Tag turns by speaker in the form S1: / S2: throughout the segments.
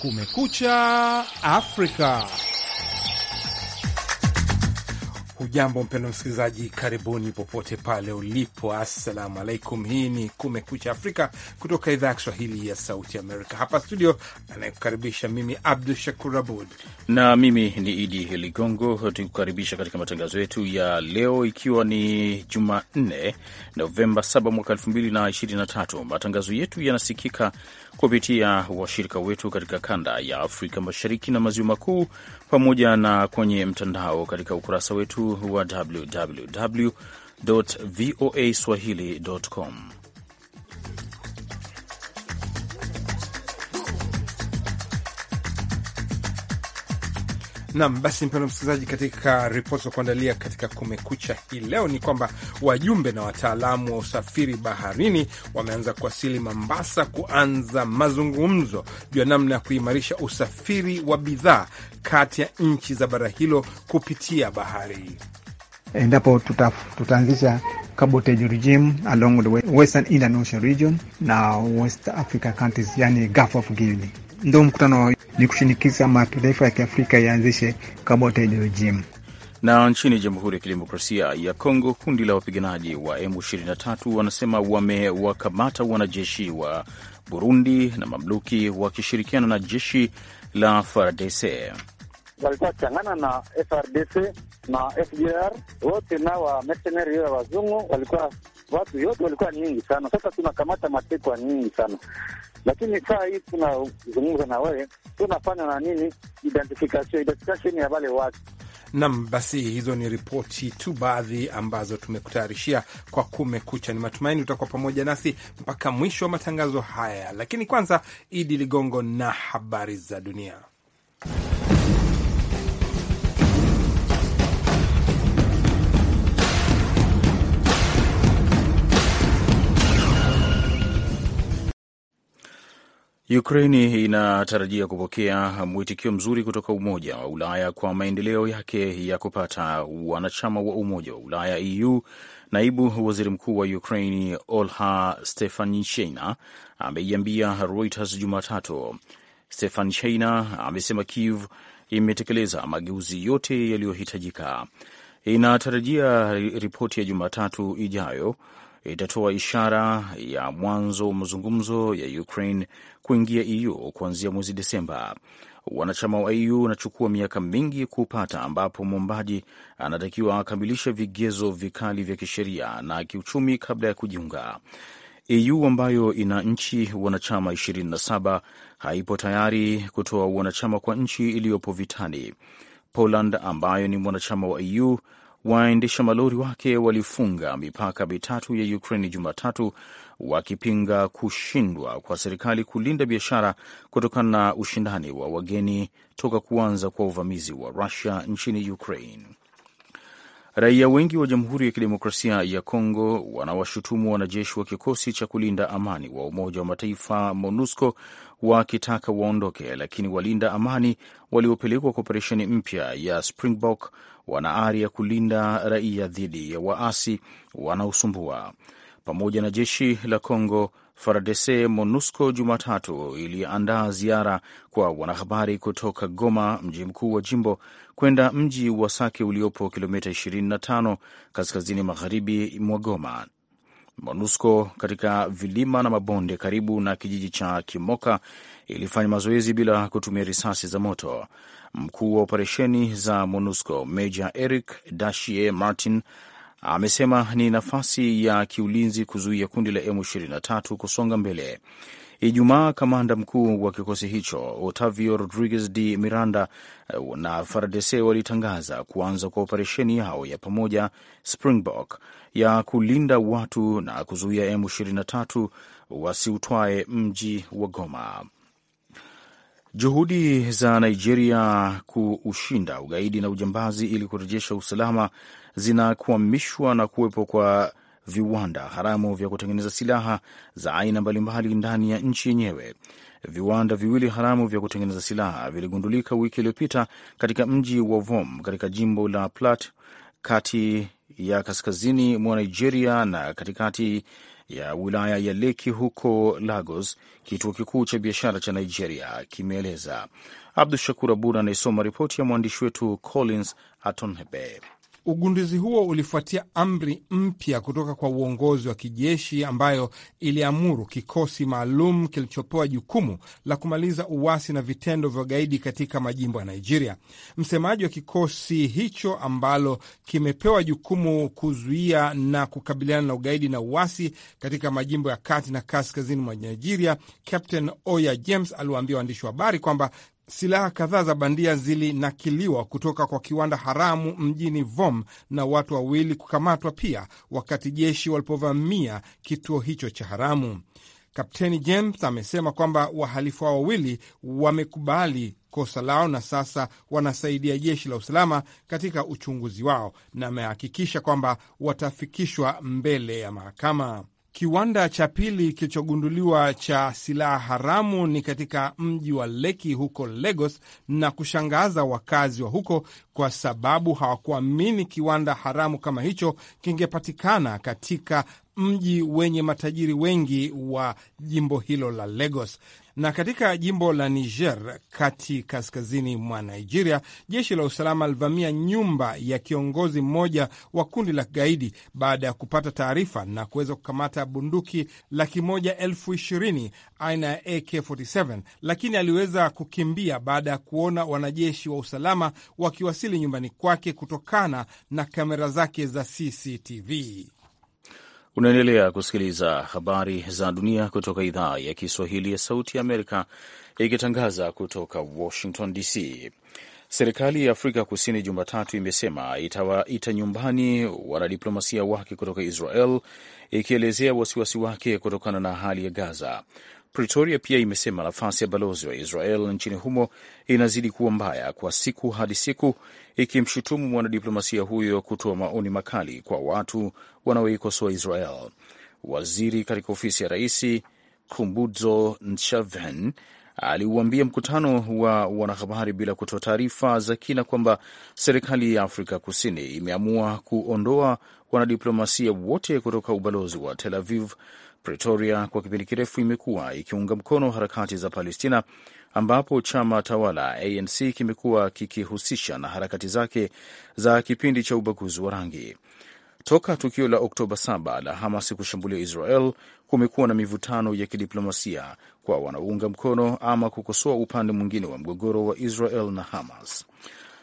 S1: Kumekucha Afrika. Hujambo mpendo msikilizaji, karibuni popote pale ulipo. Assalamu alaikum. Hii ni Kumekucha Afrika kutoka idhaa ya Kiswahili ya Sauti Amerika. Hapa studio anayekukaribisha mimi Abdu Shakur Abud
S2: na mimi ni Idi Ligongo, tukikukaribisha katika matangazo yetu ya leo, ikiwa ni Jumanne Novemba 7 mwaka 2023. Matangazo yetu yanasikika kupitia washirika wetu katika kanda ya Afrika Mashariki na Maziwa Makuu, pamoja na kwenye mtandao katika ukurasa wetu wa www voa swahili.com.
S1: Nam basi, mpendo msikilizaji, katika ripoti za kuandalia katika Kumekucha hii leo ni kwamba wajumbe na wataalamu wa usafiri baharini wameanza kuwasili Mombasa kuanza mazungumzo juu ya namna ya kuimarisha usafiri wa bidhaa kati ya nchi za bara hilo kupitia bahari.
S3: Endapo tuta, tutaanzisha cabotage regime along the western Indian Ocean region na west africa countries, yani Gulf of Guinea ndio mkutano ni kushinikiza mataifa ya Kiafrika yaanzishe kabote ideolojimu
S2: na nchini Jamhuri ya Kidemokrasia ya Kongo, kundi la wapiganaji wa M23 wanasema wamewakamata wanajeshi wa Burundi na mamluki wakishirikiana na jeshi la FARDC
S4: walikuwa changana na FRDC na FDR wote na wa mercenary ya wazungu walikuwa watu yote walikuwa nyingi sana. Sasa tunakamata matekwa nyingi sana lakini saa hii tunazungumza na wewe, tunafanya na nini identification, identification ya wale watu
S1: nam. Basi hizo ni ripoti tu baadhi ambazo tumekutayarishia kwa Kumekucha. Ni matumaini utakuwa pamoja nasi mpaka mwisho wa matangazo haya, lakini kwanza Idi Ligongo na habari za dunia.
S2: Ukraini inatarajia kupokea mwitikio mzuri kutoka Umoja wa Ulaya kwa maendeleo yake ya kupata wanachama wa Umoja wa Ulaya EU. Naibu waziri mkuu wa Ukraini Olha Stefanishina ameiambia Reuters Jumatatu. Stefanishina amesema Kiev imetekeleza mageuzi yote yaliyohitajika. Inatarajia ripoti ya Jumatatu ijayo itatoa ishara ya mwanzo wa mazungumzo ya Ukraine kuingia EU kuanzia mwezi Desemba. Wanachama wa EU wanachukua miaka mingi kupata, ambapo mwombaji anatakiwa akamilishe vigezo vikali vya kisheria na kiuchumi kabla ya kujiunga. EU ambayo ina nchi wanachama 27 haipo tayari kutoa wanachama kwa nchi iliyopo vitani. Poland ambayo ni mwanachama wa EU waendesha malori wake walifunga mipaka mitatu ya Ukraine Jumatatu, wakipinga kushindwa kwa serikali kulinda biashara kutokana na ushindani wa wageni toka kuanza kwa uvamizi wa Rusia nchini Ukraine. Raia wengi wa Jamhuri ya Kidemokrasia ya Kongo wanawashutumu wanajeshi wa kikosi cha kulinda amani wa Umoja wa Mataifa MONUSCO wakitaka waondoke, lakini walinda amani waliopelekwa kwa operesheni mpya ya Springbok wana ari ya kulinda raia dhidi ya waasi wanaosumbua. Pamoja na jeshi la congo FARDC, MONUSCO Jumatatu iliandaa ziara kwa wanahabari kutoka Goma, mji mkuu wa jimbo, kwenda mji wa Sake uliopo kilomita 25 kaskazini magharibi mwa Goma. MONUSCO katika vilima na mabonde karibu na kijiji cha Kimoka ilifanya mazoezi bila kutumia risasi za moto. Mkuu wa operesheni za MONUSCO Meja Eric Dashie Martin amesema ni nafasi ya kiulinzi kuzuia kundi la M23 kusonga mbele. Ijumaa, kamanda mkuu wa kikosi hicho Otavio Rodriguez de Miranda na Fardese walitangaza kuanza kwa operesheni yao ya pamoja Springbok ya kulinda watu na kuzuia M23 wasiutwae mji wa Goma. Juhudi za Nigeria kuushinda ugaidi na ujambazi ili kurejesha usalama zinakwamishwa na kuwepo kwa viwanda haramu vya kutengeneza silaha za aina mbalimbali ndani ya nchi yenyewe. Viwanda viwili haramu vya kutengeneza silaha viligundulika wiki iliyopita katika mji wa Vom katika jimbo la Plateau kati ya kaskazini mwa Nigeria na katikati ya wilaya ya Leki huko Lagos, kituo kikuu cha biashara cha Nigeria, kimeeleza. Abdu Shakur Abud anayesoma ripoti ya mwandishi wetu Collins Atonhebe.
S1: Ugunduzi huo ulifuatia amri mpya kutoka kwa uongozi wa kijeshi ambayo iliamuru kikosi maalum kilichopewa jukumu la kumaliza uasi na vitendo vya ugaidi katika majimbo ya Nigeria. Msemaji wa kikosi hicho ambalo kimepewa jukumu kuzuia na kukabiliana na ugaidi na uasi katika majimbo ya kati na kaskazini mwa Nigeria, Captain Oya James aliwaambia waandishi wa habari kwamba Silaha kadhaa za bandia zilinakiliwa kutoka kwa kiwanda haramu mjini Vom na watu wawili kukamatwa pia wakati jeshi walipovamia kituo hicho cha haramu. Kapteni James amesema kwamba wahalifu hao wawili wamekubali kosa lao na sasa wanasaidia jeshi la usalama katika uchunguzi wao, na amehakikisha kwamba watafikishwa mbele ya mahakama. Kiwanda cha pili kilichogunduliwa cha silaha haramu ni katika mji wa Leki huko Lagos, na kushangaza wakazi wa huko kwa sababu hawakuamini kiwanda haramu kama hicho kingepatikana katika mji wenye matajiri wengi wa jimbo hilo la Lagos. Na katika jimbo la Niger kati kaskazini mwa Nigeria, jeshi la usalama alivamia nyumba ya kiongozi mmoja wa kundi la kigaidi baada ya kupata taarifa na kuweza kukamata bunduki laki moja elfu ishirini aina ya AK47, lakini aliweza kukimbia baada ya kuona wanajeshi wa usalama wakiwasili nyumbani kwake kutokana na kamera zake za CCTV.
S2: Unaendelea kusikiliza habari za dunia kutoka idhaa ya Kiswahili ya Sauti ya Amerika, ikitangaza kutoka Washington DC. Serikali ya Afrika Kusini Jumatatu imesema itawaita nyumbani wanadiplomasia wake kutoka Israel, ikielezea wasiwasi wake kutokana na hali ya Gaza. Pretoria pia imesema nafasi ya balozi wa Israel nchini humo inazidi kuwa mbaya kwa siku hadi siku, ikimshutumu mwanadiplomasia huyo kutoa maoni makali kwa watu wanaoikosoa Israel. Waziri katika ofisi ya rais kumbuzo nchaven aliuambia mkutano wa wanahabari bila kutoa taarifa za kina kwamba serikali ya Afrika Kusini imeamua kuondoa wanadiplomasia wote kutoka ubalozi wa Tel Aviv Pretoria kwa kipindi kirefu imekuwa ikiunga mkono harakati za Palestina, ambapo chama tawala ANC kimekuwa kikihusisha na harakati zake za kipindi cha ubaguzi wa rangi. Toka tukio la Oktoba 7 la Hamas kushambulia Israel, kumekuwa na mivutano ya kidiplomasia kwa wanaounga mkono ama kukosoa upande mwingine wa mgogoro wa Israel na Hamas.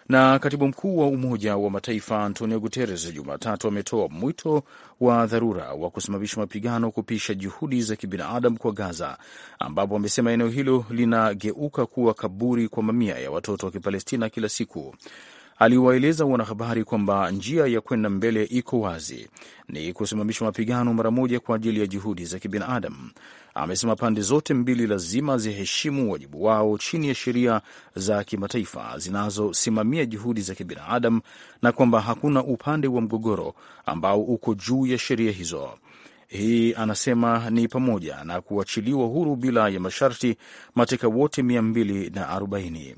S2: Na katibu mkuu wa Umoja wa Mataifa Antonio Guterres Jumatatu ametoa mwito wa dharura wa kusimamisha mapigano kupisha juhudi za kibinadamu kwa Gaza, ambapo amesema eneo hilo linageuka kuwa kaburi kwa mamia ya watoto wa Kipalestina kila siku aliwaeleza wanahabari kwamba njia ya kwenda mbele iko wazi, ni kusimamisha mapigano mara moja kwa ajili ya juhudi za kibinadamu. Amesema pande zote mbili lazima ziheshimu wajibu wao chini ya sheria za kimataifa zinazosimamia juhudi za kibinadamu na kwamba hakuna upande wa mgogoro ambao uko juu ya sheria hizo. Hii anasema ni pamoja na kuachiliwa huru bila ya masharti mateka wote 240.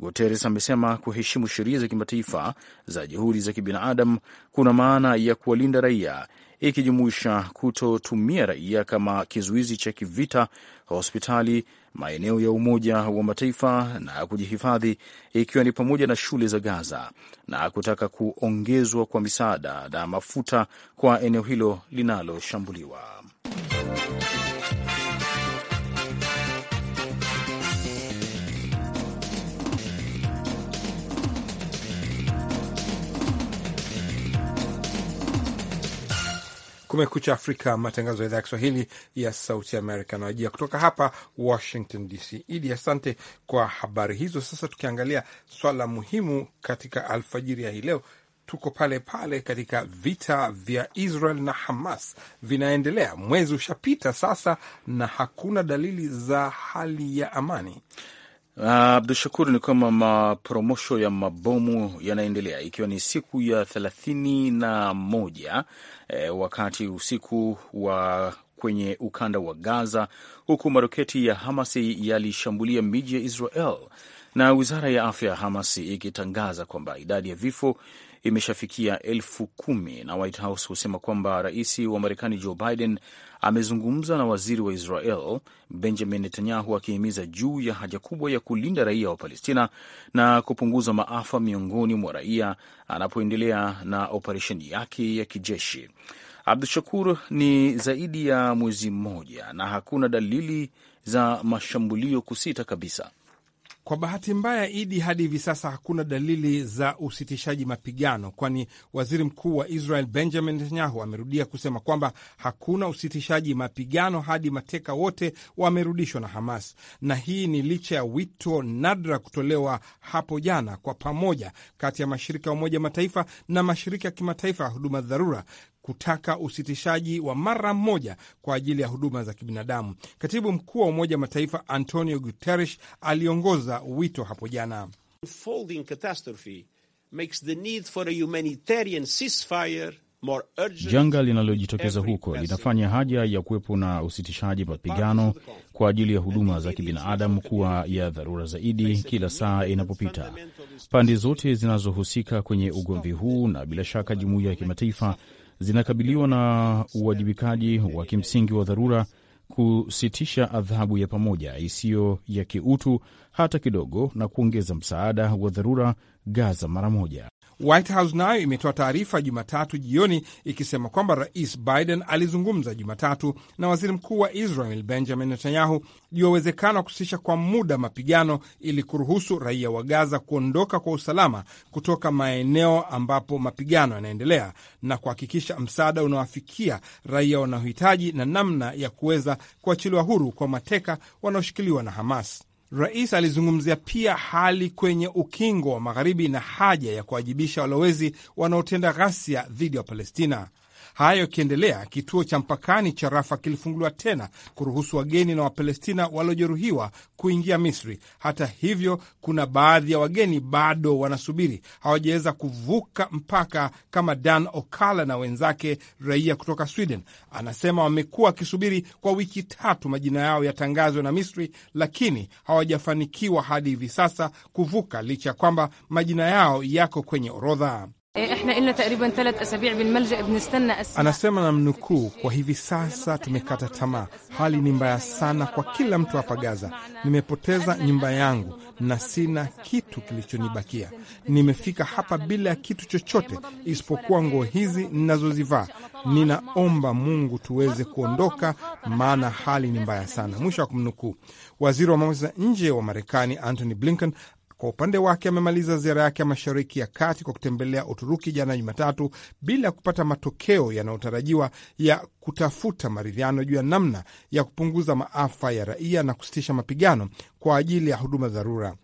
S2: Guterres amesema kuheshimu sheria za kimataifa za juhudi za kibinadamu kuna maana ya kuwalinda raia, ikijumuisha kutotumia raia kama kizuizi cha kivita, hospitali, maeneo ya Umoja wa Mataifa na kujihifadhi, ikiwa ni pamoja na shule za Gaza, na kutaka kuongezwa kwa misaada na mafuta kwa eneo hilo linaloshambuliwa.
S1: Kumekucha Afrika, matangazo ya idhaa ya Kiswahili ya Sauti Amerika anawajia kutoka hapa Washington DC. Idi, asante kwa habari hizo. Sasa tukiangalia swala muhimu katika alfajiri ya hii leo, tuko pale pale katika vita vya Israel na Hamas vinaendelea. Mwezi ushapita sasa na hakuna dalili za hali ya amani.
S2: Abdu Shakur, ni kwamba mapromosho
S1: ya mabomu
S2: yanaendelea ikiwa ni siku ya thelathini na moja e, wakati usiku wa kwenye ukanda wa Gaza, huku maroketi ya hamas yalishambulia miji ya Israel na wizara ya afya ya Hamas ikitangaza kwamba idadi ya vifo imeshafikia elfu kumi na White House husema kwamba rais wa Marekani Joe Biden amezungumza na waziri wa Israel Benjamin Netanyahu akihimiza juu ya haja kubwa ya kulinda raia wa Palestina na kupunguza maafa miongoni mwa raia anapoendelea na operesheni yake ya kijeshi. Abdu Shakur, ni zaidi ya mwezi mmoja na hakuna dalili za mashambulio
S1: kusita kabisa. Kwa bahati mbaya, Idi, hadi hivi sasa hakuna dalili za usitishaji mapigano, kwani waziri mkuu wa Israel Benjamin Netanyahu amerudia kusema kwamba hakuna usitishaji mapigano hadi mateka wote wamerudishwa na Hamas, na hii ni licha ya wito nadra kutolewa hapo jana kwa pamoja kati ya mashirika ya Umoja Mataifa na mashirika ya kimataifa ya huduma dharura kutaka usitishaji wa mara moja kwa ajili ya huduma za kibinadamu. Katibu mkuu wa Umoja wa Mataifa Antonio Guterres aliongoza wito hapo jana. Janga linalojitokeza
S2: huko linafanya haja ya kuwepo na usitishaji mapigano kwa ajili ya huduma za kibinadamu kuwa ya dharura zaidi kila saa inapopita. Pande zote zinazohusika kwenye ugomvi huu na bila shaka jumuiya ya kimataifa zinakabiliwa na uwajibikaji wa kimsingi wa dharura kusitisha adhabu ya pamoja isiyo ya kiutu hata kidogo na kuongeza msaada wa dharura Gaza mara moja.
S1: White House nayo imetoa taarifa Jumatatu jioni ikisema kwamba Rais Biden alizungumza Jumatatu na waziri mkuu wa Israel Benjamin Netanyahu juu ya uwezekano wa kusitisha kwa muda mapigano ili kuruhusu raia wa Gaza kuondoka kwa usalama kutoka maeneo ambapo mapigano yanaendelea na kuhakikisha msaada unawafikia raia wanaohitaji na namna ya kuweza kuachiliwa huru kwa mateka wanaoshikiliwa na Hamas. Rais alizungumzia pia hali kwenye ukingo wa magharibi na haja ya kuwajibisha walowezi wanaotenda ghasia dhidi ya Wapalestina. Hayo yakiendelea, kituo cha mpakani cha Rafa kilifunguliwa tena kuruhusu wageni na Wapalestina waliojeruhiwa kuingia Misri. Hata hivyo, kuna baadhi ya wageni bado wanasubiri, hawajaweza kuvuka mpaka, kama Dan Okala na wenzake, raia kutoka Sweden. Anasema wamekuwa wakisubiri kwa wiki tatu majina yao yatangazwe na Misri, lakini hawajafanikiwa hadi hivi sasa kuvuka, licha ya kwamba majina yao yako kwenye orodha. Anasema na mnukuu, kwa hivi sasa tumekata tamaa, hali ni mbaya sana kwa kila mtu hapa Gaza. Nimepoteza nyumba yangu na sina kitu kilichonibakia. Nimefika hapa bila ya kitu chochote isipokuwa nguo hizi ninazozivaa. Ninaomba Mungu tuweze kuondoka, maana hali ni mbaya sana. Mwisho wa kumnukuu. Waziri wa mambo za nje wa Marekani Antony Blinken kwa upande wake amemaliza ziara yake ya Mashariki ya Kati kwa kutembelea Uturuki jana Jumatatu bila kupata matokeo yanayotarajiwa ya kutafuta maridhiano juu ya namna ya kupunguza maafa ya raia na kusitisha mapigano kwa ajili ya huduma dharura.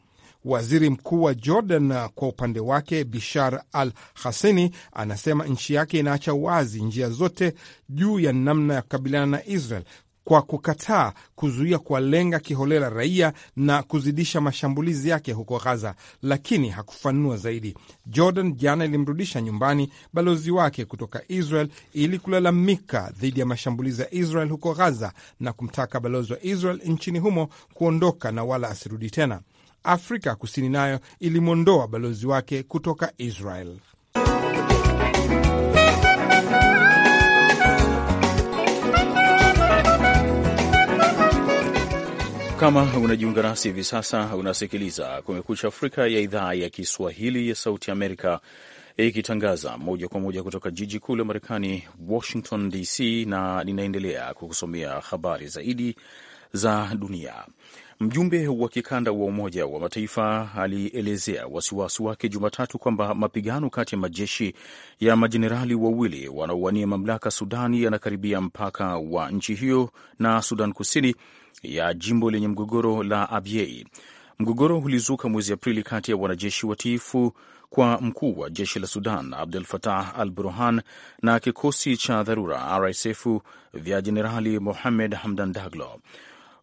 S1: Waziri mkuu wa Jordan kwa upande wake, Bishar al Hasini, anasema nchi yake inaacha wazi njia zote juu ya namna ya kukabiliana na Israel kwa kukataa kuzuia kuwalenga kiholela raia na kuzidisha mashambulizi yake huko ghaza lakini hakufanua zaidi. Jordan jana ilimrudisha nyumbani balozi wake kutoka Israel ili kulalamika dhidi ya mashambulizi ya Israel huko Gaza na kumtaka balozi wa Israel nchini humo kuondoka na wala asirudi tena. Afrika Kusini nayo ilimwondoa balozi wake kutoka Israel.
S2: Kama unajiunga nasi hivi sasa, unasikiliza Kumekucha Afrika ya idhaa ya Kiswahili ya Sauti Amerika, ikitangaza moja kwa moja kutoka jiji kuu la Marekani, Washington DC, na ninaendelea kukusomea habari zaidi za dunia. Mjumbe wa kikanda wa Umoja wa Mataifa alielezea wasiwasi wake Jumatatu kwamba mapigano kati ya majeshi ya majenerali wawili wanaowania mamlaka Sudani yanakaribia mpaka wa nchi hiyo na Sudan Kusini ya jimbo lenye mgogoro la Abyei. Mgogoro ulizuka mwezi Aprili kati ya wanajeshi watiifu kwa mkuu wa jeshi la Sudan Abdul Fatah al Burhan na kikosi cha dharura RSF vya Jenerali Mohamed Hamdan Daglo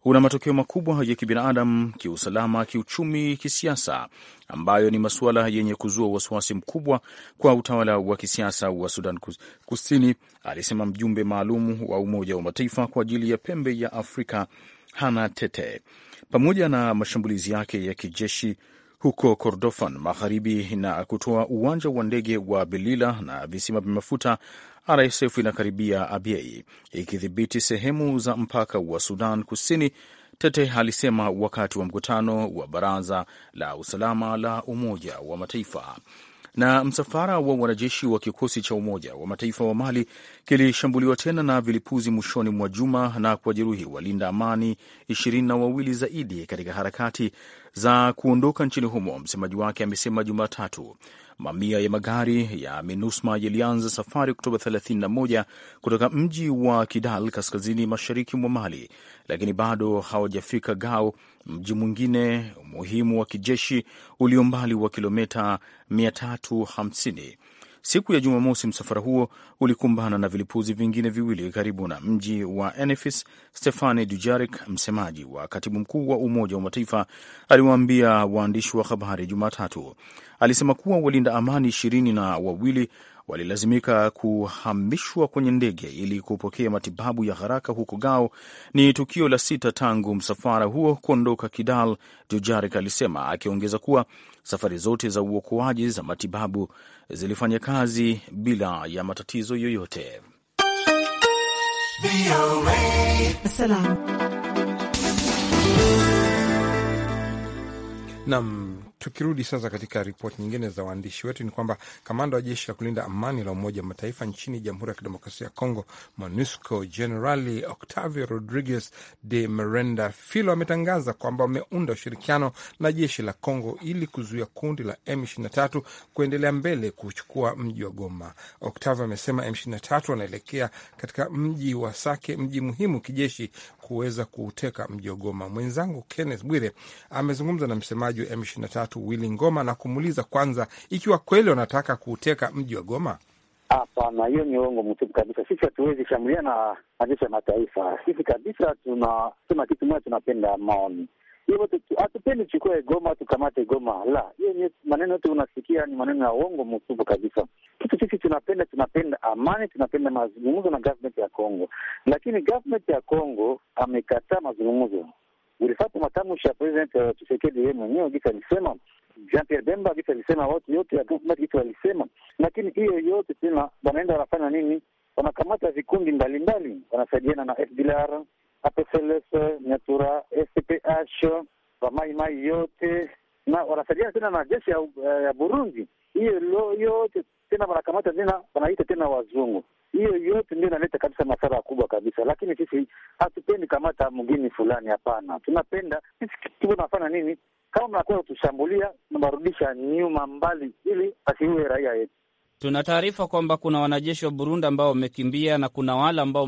S2: una matokeo makubwa ya kibinadamu, kiusalama, kiuchumi, kisiasa, ambayo ni masuala yenye kuzua wasiwasi mkubwa kwa utawala wa kisiasa wa Sudan Kusini, alisema mjumbe maalum wa Umoja wa Mataifa kwa ajili ya pembe ya Afrika Hana Tete. Pamoja na mashambulizi yake ya kijeshi huko Kordofan magharibi na kutoa uwanja wa ndege wa Belila na visima vya mafuta RSF inakaribia Abyei ikidhibiti sehemu za mpaka wa Sudan Kusini, Tete alisema wakati wa mkutano wa Baraza la Usalama la Umoja wa Mataifa. Na msafara wa wanajeshi wa kikosi cha Umoja wa Mataifa wa Mali kilishambuliwa tena na vilipuzi mwishoni mwa juma na kuwajeruhi walinda amani ishirini na wawili zaidi katika harakati za kuondoka nchini humo, msemaji wake amesema Jumatatu. Mamia ya magari ya MINUSMA yalianza safari Oktoba 31 kutoka mji wa Kidal, kaskazini mashariki mwa Mali, lakini bado hawajafika Gao, mji mwingine muhimu wa kijeshi ulio mbali wa kilometa 350 Siku ya Jumamosi, msafara huo ulikumbana na vilipuzi vingine viwili karibu na mji wa Enefis. Stefani Dujarik, msemaji wa katibu mkuu wa Umoja wa Mataifa, aliwaambia waandishi wa habari Jumatatu. Alisema kuwa walinda amani ishirini na wawili walilazimika kuhamishwa kwenye ndege ili kupokea matibabu ya haraka huko Gao. Ni tukio la sita tangu msafara huo kuondoka Kidal, Dujarric alisema, akiongeza kuwa safari zote za uokoaji za matibabu zilifanya kazi bila ya matatizo yoyote.
S1: Nam Tukirudi sasa katika ripoti nyingine za waandishi wetu, ni kwamba kamanda wa jeshi la kulinda amani la Umoja wa Mataifa nchini Jamhuri ya Kidemokrasia ya Kongo, MONUSCO, Generali Octavio Rodriguez de Merenda Filo ametangaza kwamba wameunda ushirikiano na jeshi la Kongo ili kuzuia kundi la M23 kuendelea mbele kuchukua mji wa Goma. Octavio amesema M23 wanaelekea katika mji wa Sake, mji muhimu kijeshi kuweza kuuteka mji wa Goma. Mwenzangu Kenneth Bwire amezungumza na msemaji wa M23 Willy Ngoma na kumuuliza kwanza ikiwa kweli wanataka kuuteka mji wa Goma.
S4: Hapana, hiyo ni uongo mtupu kabisa. Sisi hatuwezi shambulia na majeshi ya mataifa. Sisi kabisa tuna kitu moja, tunapenda amani hivyo hatupendi chukue Goma tukamate Goma. La, hiyo maneno yote unasikia ni maneno ya uongo mtupu kabisa. Kitu sisi tunapenda, tunapenda amani, tunapenda mazungumzo na government ya Congo, lakini government ya Congo amekataa mazungumzo. Ulifata matamshi ya president ya Tshisekedi yeye mwenyewe gisa alisema, Jean Pierre Bemba gisa alisema, watu yote ya government gisa walisema, lakini hiyo yote tena wanaenda wanafanya nini? Wanakamata vikundi mbalimbali, wanasaidiana na FDLR APCLS, Nyatura, SPH, Wamaimai yote na wanasaidia tena na jeshi ya, eh, ya Burundi. Hiyo yote tena wanakamata tena wanaita tena wazungu. Hiyo yote ndio inaleta kabisa masara kubwa kabisa, lakini sisi hatupendi kamata mgini fulani, hapana. Tunapenda sisi tuko nafana nini? Kama mnakuwa kutushambulia, tunawarudisha nyuma mbali, ili asiue raia yetu.
S2: Tuna taarifa kwamba kuna wanajeshi wa Burundi ambao wamekimbia na kuna wale ambao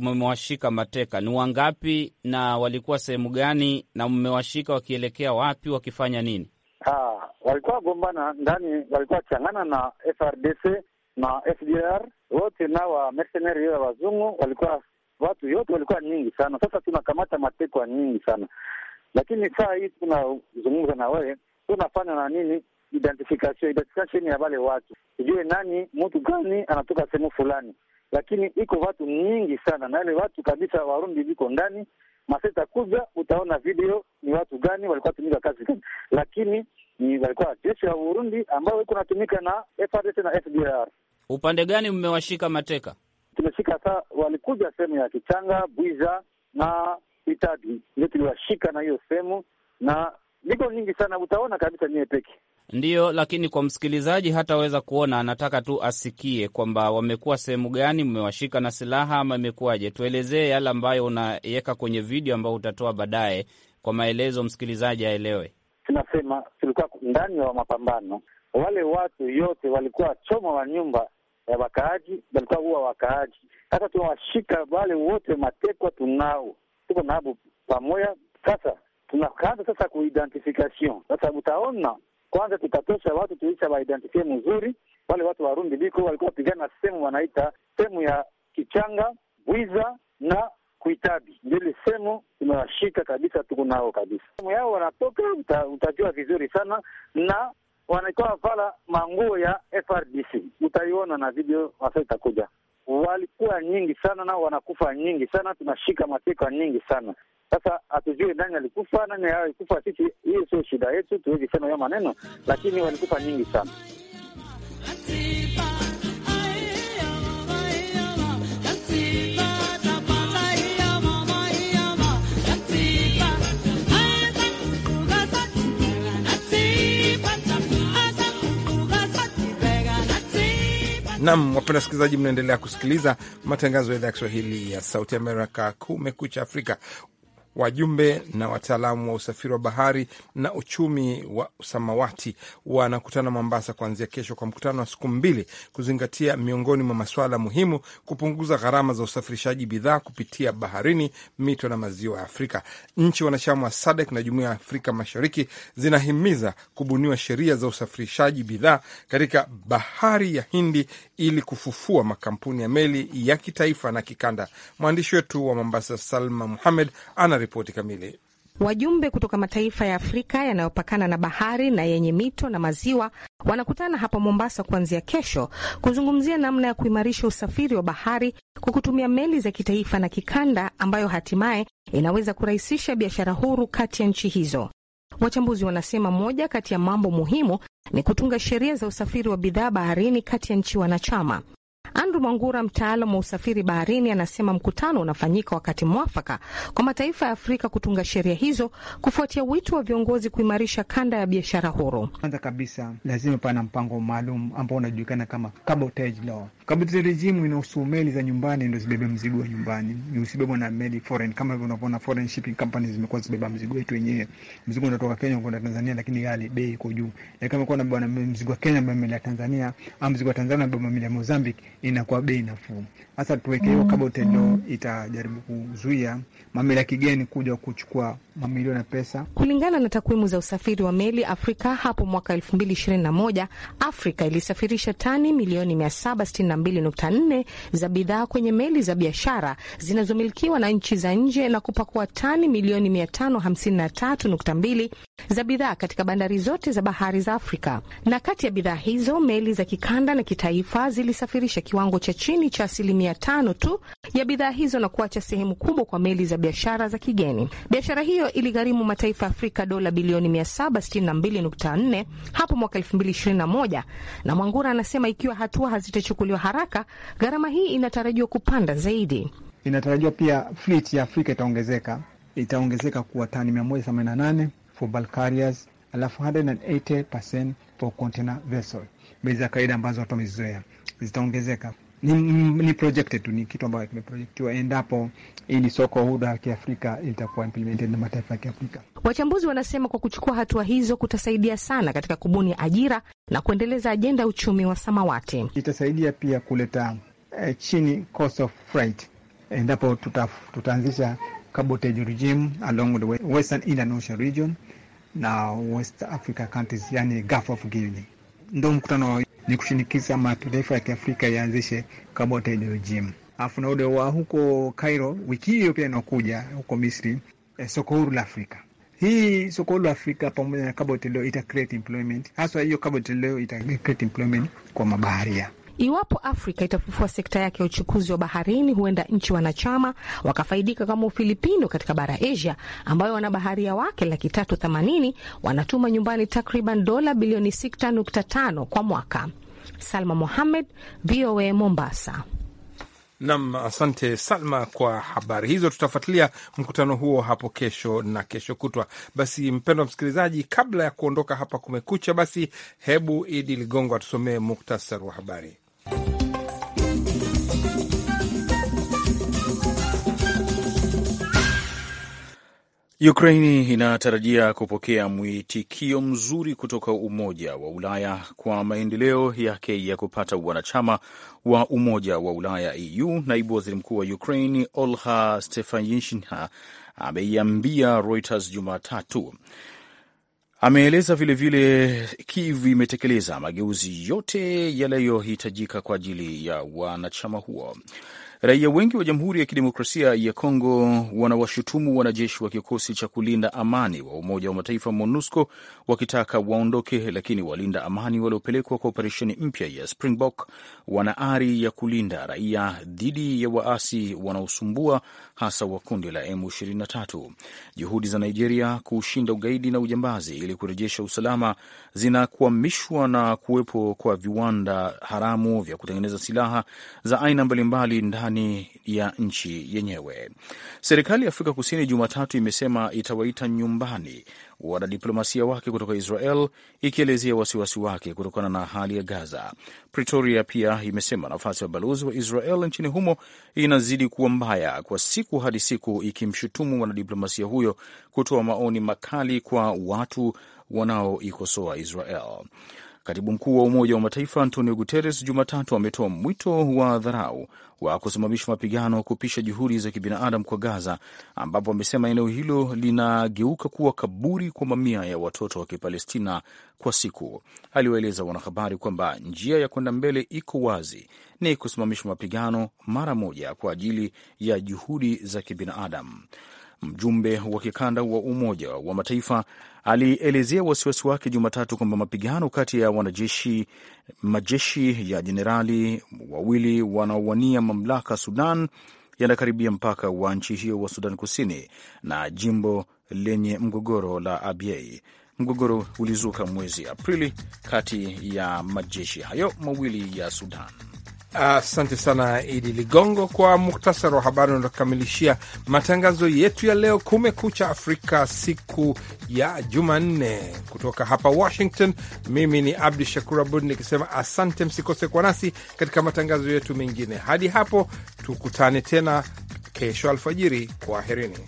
S2: mmewashika mateka. Ni wangapi na walikuwa sehemu gani, na mmewashika wakielekea wapi, wakifanya nini?
S4: Ha, walikuwa gombana ndani, walikuwa changana na FRDC na FDR wote na wa mercenary ya wazungu, walikuwa watu yote walikuwa nyingi sana. Sasa tunakamata matekwa nyingi sana, lakini saa hii tunazungumza na wewe tunafanya na nini identification. Identification ya wale watu, ijue nani mtu gani anatoka sehemu fulani, lakini iko watu nyingi sana, na ile watu kabisa Warundi viko ndani maseta kuja, utaona video ni watu gani walikuwa tumika kazi gani, lakini ni walikuwa jeshi ya Burundi ambao iko natumika na FARDC na FDLR.
S2: Upande gani mmewashika mateka?
S4: Tumeshika saa, walikuja sehemu ya Kichanga, Bwiza na Itadi, ndio tuliwashika na hiyo sehemu, na niko nyingi sana, utaona kabisa niye peke
S3: Ndiyo, lakini kwa msikilizaji
S2: hataweza kuona, anataka tu asikie kwamba wamekuwa sehemu gani, mmewashika na silaha ama imekuwaje? Tuelezee yale ambayo unaweka kwenye video ambayo utatoa baadaye, kwa maelezo
S3: msikilizaji aelewe.
S4: Tunasema tulikuwa ndani ya mapambano, wale watu yote walikuwa wachoma wa nyumba ya wakaaji, walikuwa huwa wakaaji. Sasa tunawashika wale wote, matekwa tunao, tuko nabo pamoja. Sasa tunakaanza sasa kuidentification, sasa utaona kwanza tutatosha watu tuisha waidentifie mzuri, wale watu warundi biko walikuwa wapigana sehemu wanaita sehemu ya Kichanga, Bwiza na Kuitabi, ndili sehemu tumewashika kabisa, tuko nao kabisa. Sehemu yao wanatoka uta, utajua vizuri sana na wanakuwa vala manguo ya FRDC, utaiona na video hasa itakuja. Walikuwa nyingi sana nao wanakufa nyingi sana, tunashika mateka nyingi sana sasa hatujui nani alikufa, nani alikufa, sisi hiyo sio shida yetu, tuwezi sema hiyo maneno, lakini walikufa nyingi sana.
S1: Nam, wapenda wasikilizaji, mnaendelea kusikiliza matangazo ya idhaa ya Kiswahili ya Sauti Amerika, Kumekucha Afrika. Wajumbe na wataalamu wa usafiri wa bahari na uchumi wa samawati wanakutana Mombasa kuanzia kesho kwa mkutano wa siku mbili kuzingatia miongoni mwa masuala muhimu kupunguza gharama za usafirishaji bidhaa kupitia baharini, mito na maziwa ya Afrika. Nchi wanachama wa SADC na Jumuiya ya Afrika Mashariki zinahimiza kubuniwa sheria za usafirishaji bidhaa katika bahari ya Hindi ili kufufua makampuni ya meli ya kitaifa na kikanda. Mwandishi wetu wa Mombasa, Salma Muhamed, ana ripoti kamili.
S5: Wajumbe kutoka mataifa ya Afrika yanayopakana na bahari na yenye mito na maziwa wanakutana hapa Mombasa kuanzia kesho kuzungumzia namna ya kuimarisha usafiri wa bahari kwa kutumia meli za kitaifa na kikanda, ambayo hatimaye inaweza kurahisisha biashara huru kati ya nchi hizo. Wachambuzi wanasema moja kati ya mambo muhimu ni kutunga sheria za usafiri wa bidhaa baharini kati ya nchi wanachama. Andrew Mwangura, mtaalam wa usafiri baharini, anasema mkutano unafanyika wakati mwafaka kwa mataifa ya Afrika kutunga sheria hizo kufuatia wito wa viongozi kuimarisha kanda ya biashara huru. Kwanza kabisa lazima pana mpango maalum
S3: ambao unajulikana kama cabotage law Kabla rejimu inahusu meli za nyumbani ndio zibebe mzigo wa nyumbani, ni usibebwa na meli foreign. Kama hivyo unavyoona foreign shipping companies zimekuwa zibeba mzigo wetu wenyewe, mzigo unatoka Kenya kwenda Tanzania, lakini yale bei iko juu. Na kama kuna bwana mzigo wa Kenya beba meli ya Tanzania au mzigo wa Tanzania beba meli ya Mozambique, inakuwa bei nafuu. hasa tuweke hiyo kabla utendo itajaribu kuzuia mameli ya kigeni kuja kuchukua mamilioni ya pesa.
S5: Kulingana na takwimu za usafiri wa meli Afrika hapo mwaka 2021, Afrika ilisafirisha tani milioni 760 22.4 za bidhaa kwenye meli za biashara zinazomilikiwa na nchi za nje na kupakua tani milioni 553.2 za bidhaa katika bandari zote za bahari za Afrika. Na kati ya bidhaa hizo, meli za kikanda na kitaifa zilisafirisha kiwango cha chini cha asilimia tano tu ya bidhaa hizo na kuacha sehemu kubwa kwa meli za biashara za kigeni. Biashara hiyo iligharimu mataifa ya Afrika dola bilioni 762.4 hapo mwaka 2021, na Mwangura anasema ikiwa hatua hazitachukuliwa haraka, gharama hii inatarajiwa kupanda zaidi.
S3: Inatarajiwa pia fleet ya Afrika itaongezeka itaongezeka kuwa tani 188 for bulk carriers, alafu 180% for container vessel. Bei za kawaida ambazo watu wamezoea zitaongezeka. Ni, ni projected tu, ni kitu ambayo kimeprojektiwa endapo ili soko huda ya Kiafrika litakuwa implemented na mataifa ya Kiafrika.
S5: Wachambuzi wanasema kwa kuchukua hatua hizo kutasaidia sana katika kubuni ajira na kuendeleza ajenda ya uchumi wa samawati. Itasaidia pia kuleta eh, chini cost of freight
S3: endapo tuta, tutaanzisha cabotage regime along the western Indian Ocean region na West Africa countries, yani Gulf of Guinea. Ndo mkutano ni kushinikiza mataifa ya Kiafrika yaanzishe cabotage regime. Alafu na ule wa huko Cairo wiki hiyo pia inakuja huko Misri, eh, soko huru la Afrika. Hii soko la Afrika pamoja na cabotage leo ita create employment, haswa hiyo cabotage leo ita create employment kwa mabaharia.
S5: Iwapo Afrika itafufua sekta yake ya uchukuzi wa baharini, huenda nchi wanachama wakafaidika kama Ufilipino katika bara Asia, ambayo wana baharia wake laki tatu themanini wanatuma nyumbani takriban dola bilioni 6.5 kwa mwaka. Salma Mohamed, VOA Mombasa.
S1: Nam, asante Salma kwa habari hizo. Tutafuatilia mkutano huo hapo kesho na kesho kutwa. Basi mpendwa msikilizaji, kabla ya kuondoka hapa Kumekucha, basi hebu Idi Ligongo atusomee muktasari wa habari.
S2: Ukraini inatarajia kupokea mwitikio mzuri kutoka Umoja wa Ulaya kwa maendeleo yake ya kupata wanachama wa Umoja wa Ulaya EU. Naibu waziri mkuu wa Ukraini Olha Stefanishinha ameiambia Reuters Jumatatu Ameeleza vilevile Kiev imetekeleza mageuzi yote yanayohitajika kwa ajili ya wanachama huo. Raia wengi wa Jamhuri ya Kidemokrasia ya Kongo wanawashutumu wanajeshi wa kikosi cha kulinda amani wa Umoja wa Mataifa MONUSCO wakitaka waondoke, lakini walinda amani waliopelekwa kwa operesheni mpya ya Springbok wana ari ya kulinda raia dhidi ya waasi wanaosumbua hasa wa kundi la M23. Juhudi za Nigeria kushinda ugaidi na ujambazi ili kurejesha usalama zinakwamishwa na kuwepo kwa viwanda haramu vya kutengeneza silaha za aina mbalimbali ndani ndani ya nchi yenyewe. Serikali ya Afrika Kusini Jumatatu imesema itawaita nyumbani wanadiplomasia wake kutoka Israel, ikielezea wasiwasi wake kutokana na hali ya Gaza. Pretoria pia imesema nafasi ya balozi wa Israel nchini humo inazidi kuwa mbaya kwa siku hadi siku, ikimshutumu mwanadiplomasia huyo kutoa maoni makali kwa watu wanaoikosoa Israel. Katibu mkuu wa Umoja wa Mataifa Antonio Guterres Jumatatu ametoa mwito wa dharau wa kusimamisha mapigano kupisha juhudi za kibinadamu kwa Gaza, ambapo amesema eneo hilo linageuka kuwa kaburi kwa mamia ya watoto wa Kipalestina kwa siku. Aliwaeleza wanahabari kwamba njia ya kwenda mbele iko wazi, ni kusimamisha mapigano mara moja kwa ajili ya juhudi za kibinadamu. Mjumbe wa kikanda wa Umoja wa Mataifa alielezea wasiwasi wake Jumatatu kwamba mapigano kati ya wanajeshi majeshi ya jenerali wawili wanaowania mamlaka Sudan yanakaribia mpaka wa nchi hiyo wa Sudan Kusini na jimbo lenye mgogoro la Abyei. Mgogoro ulizuka mwezi Aprili kati ya majeshi hayo mawili ya Sudan.
S1: Asante uh, sana Idi Ligongo kwa muktasari wa habari unaokamilishia matangazo yetu ya leo Kumekucha Afrika siku ya Jumanne kutoka hapa Washington. Mimi ni Abdu Shakur Abud nikisema asante, msikose kwa nasi katika matangazo yetu mengine. Hadi hapo tukutane tena kesho alfajiri, kwaherini.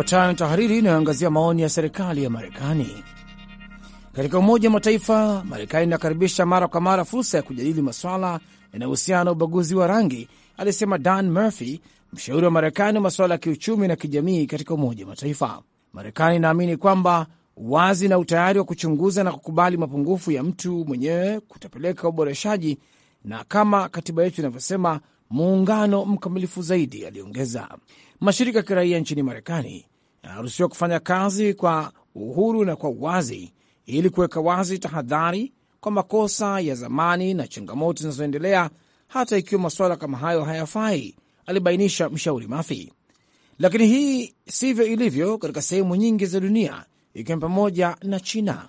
S6: Ifuatayo ni tahariri inayoangazia maoni ya serikali ya Marekani. Katika Umoja wa Mataifa, Marekani inakaribisha mara kwa mara fursa ya kujadili maswala yanayohusiana na ubaguzi wa rangi, alisema Dan Murphy, mshauri wa Marekani wa masuala ya kiuchumi na kijamii katika Umoja wa Mataifa. Marekani inaamini kwamba uwazi na utayari wa kuchunguza na kukubali mapungufu ya mtu mwenyewe kutapeleka uboreshaji, na kama katiba yetu inavyosema, muungano mkamilifu zaidi, aliongeza. Mashirika ya kiraia nchini Marekani inaruhusiwa kufanya kazi kwa uhuru na kwa uwazi ili kuweka wazi tahadhari kwa makosa ya zamani na changamoto zinazoendelea hata ikiwa masuala kama hayo hayafai, alibainisha mshauri Mafi. Lakini hii sivyo ilivyo katika sehemu nyingi za dunia, ikiwa ni pamoja na China.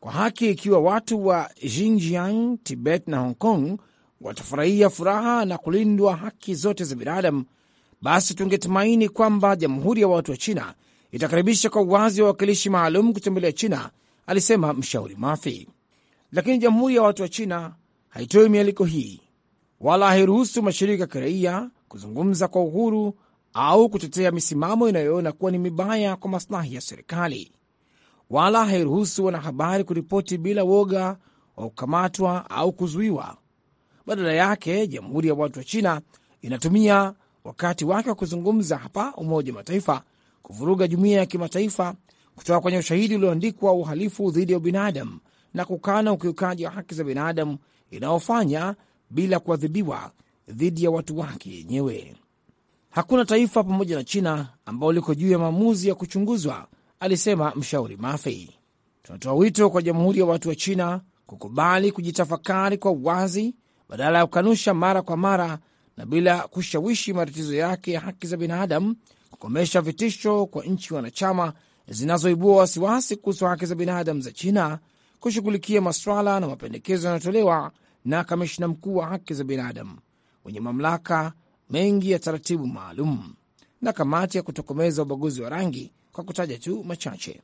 S6: Kwa haki, ikiwa watu wa Xinjiang, Tibet na Hong Kong watafurahia furaha na kulindwa haki zote za binadamu, basi tungetumaini kwamba Jamhuri ya Watu wa China itakaribisha kwa uwazi wa wakilishi maalum kutembelea China, alisema mshauri Mafi. Lakini Jamhuri ya Watu wa China haitoi mialiko hii wala hairuhusu mashirika ya kiraia kuzungumza kwa uhuru au kutetea misimamo inayoona kuwa ni mibaya kwa maslahi ya serikali, wala hairuhusu wanahabari kuripoti bila woga wa kukamatwa au kuzuiwa. Badala yake, Jamhuri ya Watu wa China inatumia wakati wake wa kuzungumza hapa Umoja wa Mataifa kuvuruga jumuiya ya kimataifa kutoka kwenye ushahidi ulioandikwa uhalifu dhidi ya ubinadamu na kukana ukiukaji wa haki za binadamu inayofanya bila kuadhibiwa dhidi ya watu wake yenyewe. Hakuna taifa pamoja na China ambao liko juu ya maamuzi ya kuchunguzwa, alisema mshauri Mafei. Tunatoa wito kwa Jamhuri ya Watu wa China kukubali kujitafakari kwa uwazi badala ya kukanusha mara kwa mara na bila kushawishi matatizo yake ya haki za binadamu, kukomesha vitisho kwa nchi wanachama zinazoibua wasiwasi kuhusu haki za binadamu za China, kushughulikia maswala na mapendekezo yanayotolewa na kamishna mkuu wa haki za binadamu wenye mamlaka mengi ya taratibu maalum na kamati ya kutokomeza ubaguzi wa rangi, kwa kutaja tu machache.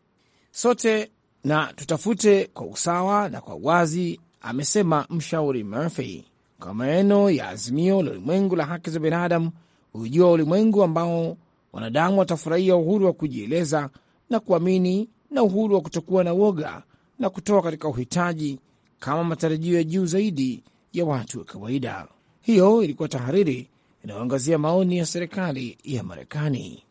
S6: Sote na tutafute kwa usawa na kwa uwazi, amesema mshauri Murphy kwa maneno ya azimio la ulimwengu la haki za binadamu, ujua ulimwengu ambao wanadamu watafurahia uhuru wa kujieleza na kuamini na uhuru wa kutokuwa na woga na kutoa katika uhitaji kama matarajio ya juu zaidi ya watu wa kawaida. Hiyo ilikuwa tahariri inayoangazia maoni ya serikali ya Marekani.